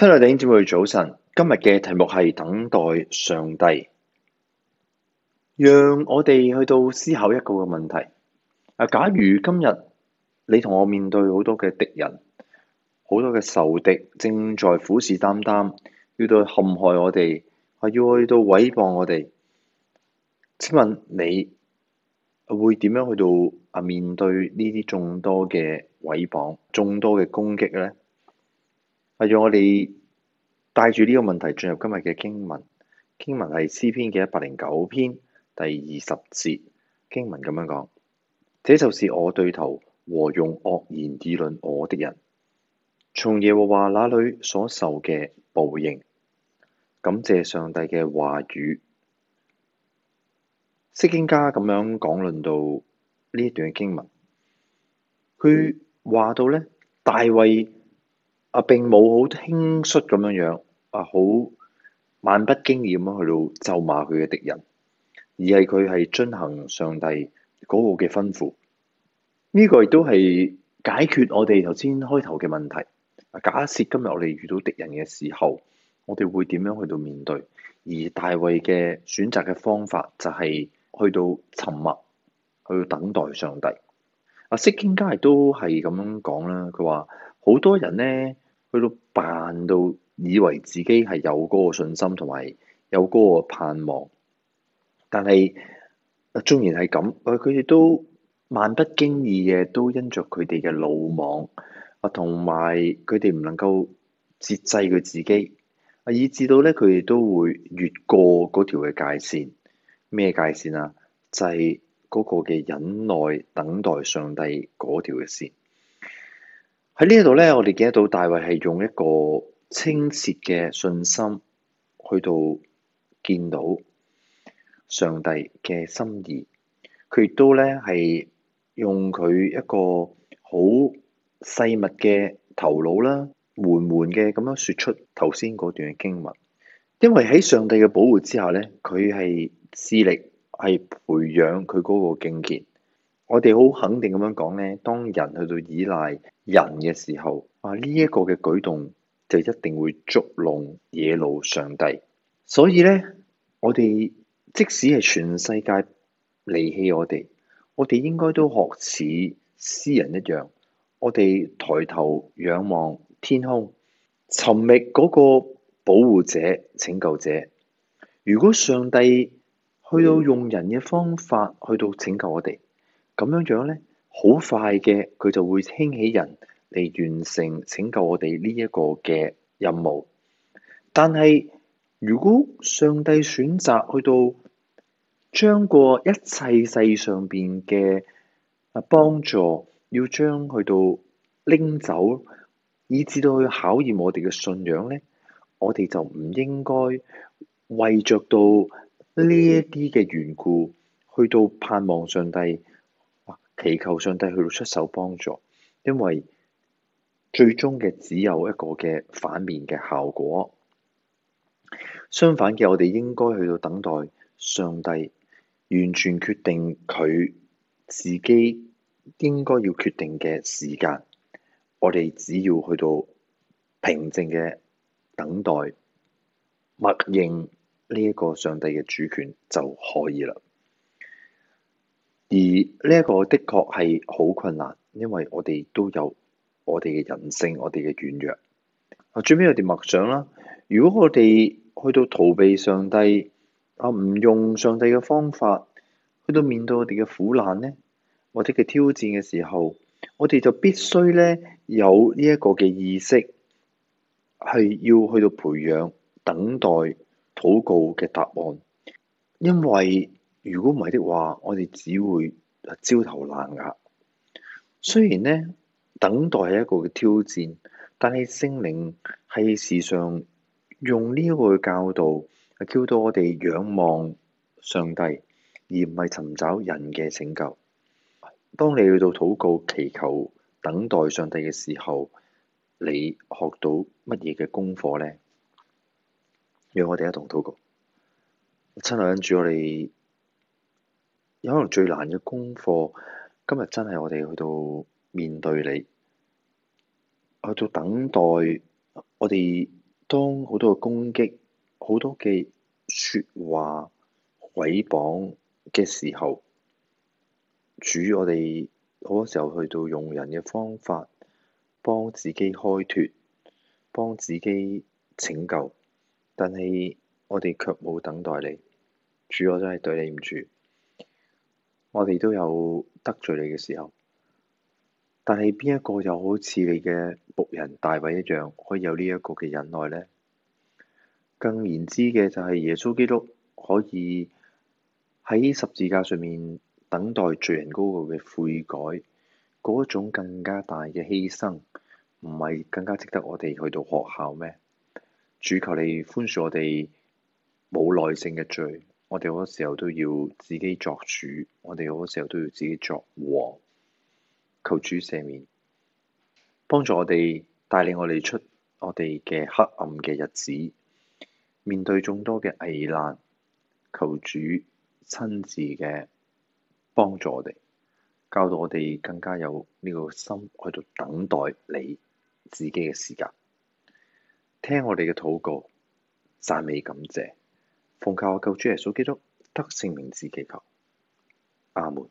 親愛的弟兄姊妹，早晨。今日嘅題目係等待上帝，讓我哋去到思考一個嘅問題。啊，假如今日你同我面對好多嘅敵人，好多嘅仇敵正在虎視眈眈，要到陷害我哋，啊，要去到毀謗我哋。請問你會點樣去到啊面對呢啲眾多嘅毀謗、眾多嘅攻擊咧？我哋帶住呢個問題進入今日嘅經文，經文係詩篇嘅一百零九篇第二十節，經文咁樣講，這就是我對頭和用惡言議論我的人，從耶和華那裏所受嘅報應。感謝上帝嘅話語，釋經家咁樣講，論到呢一段嘅經文，佢話到呢，大衛。啊！並冇好輕率咁樣樣，啊好漫不經意咁樣去到咒罵佢嘅敵人，而係佢係遵行上帝嗰個嘅吩咐。呢個亦都係解決我哋頭先開頭嘅問題，啊。假設今日我哋遇到敵人嘅時候，我哋會點樣去到面對？而大衛嘅選擇嘅方法就係去到沉默，去到等待上帝。啊，釋經家亦都係咁樣講啦。佢話：好多人咧。去到扮到，以為自己係有嗰個信心同埋有嗰個盼望，但係啊，縱然係咁，佢哋都漫不經意嘅，都因着佢哋嘅魯莽啊，同埋佢哋唔能夠節制佢自己，啊，以至到咧，佢哋都會越過嗰條嘅界線，咩界線啊？就係、是、嗰個嘅忍耐等待上帝嗰條嘅線。喺呢度咧，我哋見得到大衛係用一個清澈嘅信心去到見到上帝嘅心意。佢亦都咧係用佢一個好細密嘅頭腦啦，緩緩嘅咁樣説出頭先嗰段嘅經文。因為喺上帝嘅保護之下咧，佢係智力係培養佢嗰個敬虔。我哋好肯定咁樣講呢，當人去到依賴人嘅時候，啊呢一個嘅舉動就一定會捉弄耶和華上帝。所以呢，我哋即使係全世界離棄我哋，我哋應該都學似詩人一樣，我哋抬頭仰望天空，尋覓嗰個保護者、拯救者。如果上帝去到用人嘅方法去到拯救我哋，咁樣樣咧，好快嘅佢就會興起人嚟完成拯救我哋呢一個嘅任務。但係如果上帝選擇去到將過一切世上邊嘅啊幫助，要將去到拎走，以致到去考驗我哋嘅信仰咧，我哋就唔應該為着到呢一啲嘅緣故去到盼望上帝。祈求上帝去到出手幫助，因為最終嘅只有一個嘅反面嘅效果。相反嘅，我哋應該去到等待上帝完全決定佢自己應該要決定嘅時間。我哋只要去到平靜嘅等待，默認呢一個上帝嘅主權就可以啦。而呢一個的確係好困難，因為我哋都有我哋嘅人性，我哋嘅軟弱。啊，最尾我哋默想啦，如果我哋去到逃避上帝啊，唔用上帝嘅方法，去到面對我哋嘅苦難呢，或者嘅挑戰嘅時候，我哋就必須咧有呢一個嘅意識，係要去到培養等待禱告嘅答案，因為。如果唔係的話，我哋只會焦頭爛額。雖然呢等待係一個嘅挑戰，但係聖靈係時常用呢一個嘅教導，叫到我哋仰望上帝，而唔係尋找人嘅拯救。當你去到禱告、祈求、等待上帝嘅時候，你學到乜嘢嘅功課呢？讓我哋一同禱告，親愛嘅主，我哋。有可能最難嘅功課，今日真係我哋去到面對你，去到等待我哋當好多嘅攻擊、好多嘅説話、毀謗嘅時候，主我哋好多時候去到用人嘅方法幫自己開脫、幫自己拯救，但係我哋卻冇等待你，主我真係對你唔住。我哋都有得罪你嘅時候，但係邊一個又好似你嘅僕人大衛一樣，可以有呢一個嘅忍耐咧？更言之嘅就係耶穌基督可以喺十字架上面等待罪人高過嘅悔改，嗰種更加大嘅犧牲，唔係更加值得我哋去到學校咩？主求你寬恕我哋冇耐性嘅罪。我哋好多時候都要自己作主，我哋好多時候都要自己作禍。求主赦免，幫助我哋帶領我哋出我哋嘅黑暗嘅日子，面對眾多嘅危難。求主親自嘅幫助我哋，教導我哋更加有呢個心喺度等待你自己嘅時間，聽我哋嘅禱告，讚美感謝。奉靠我救主耶穌基督得勝名字祈求，阿門。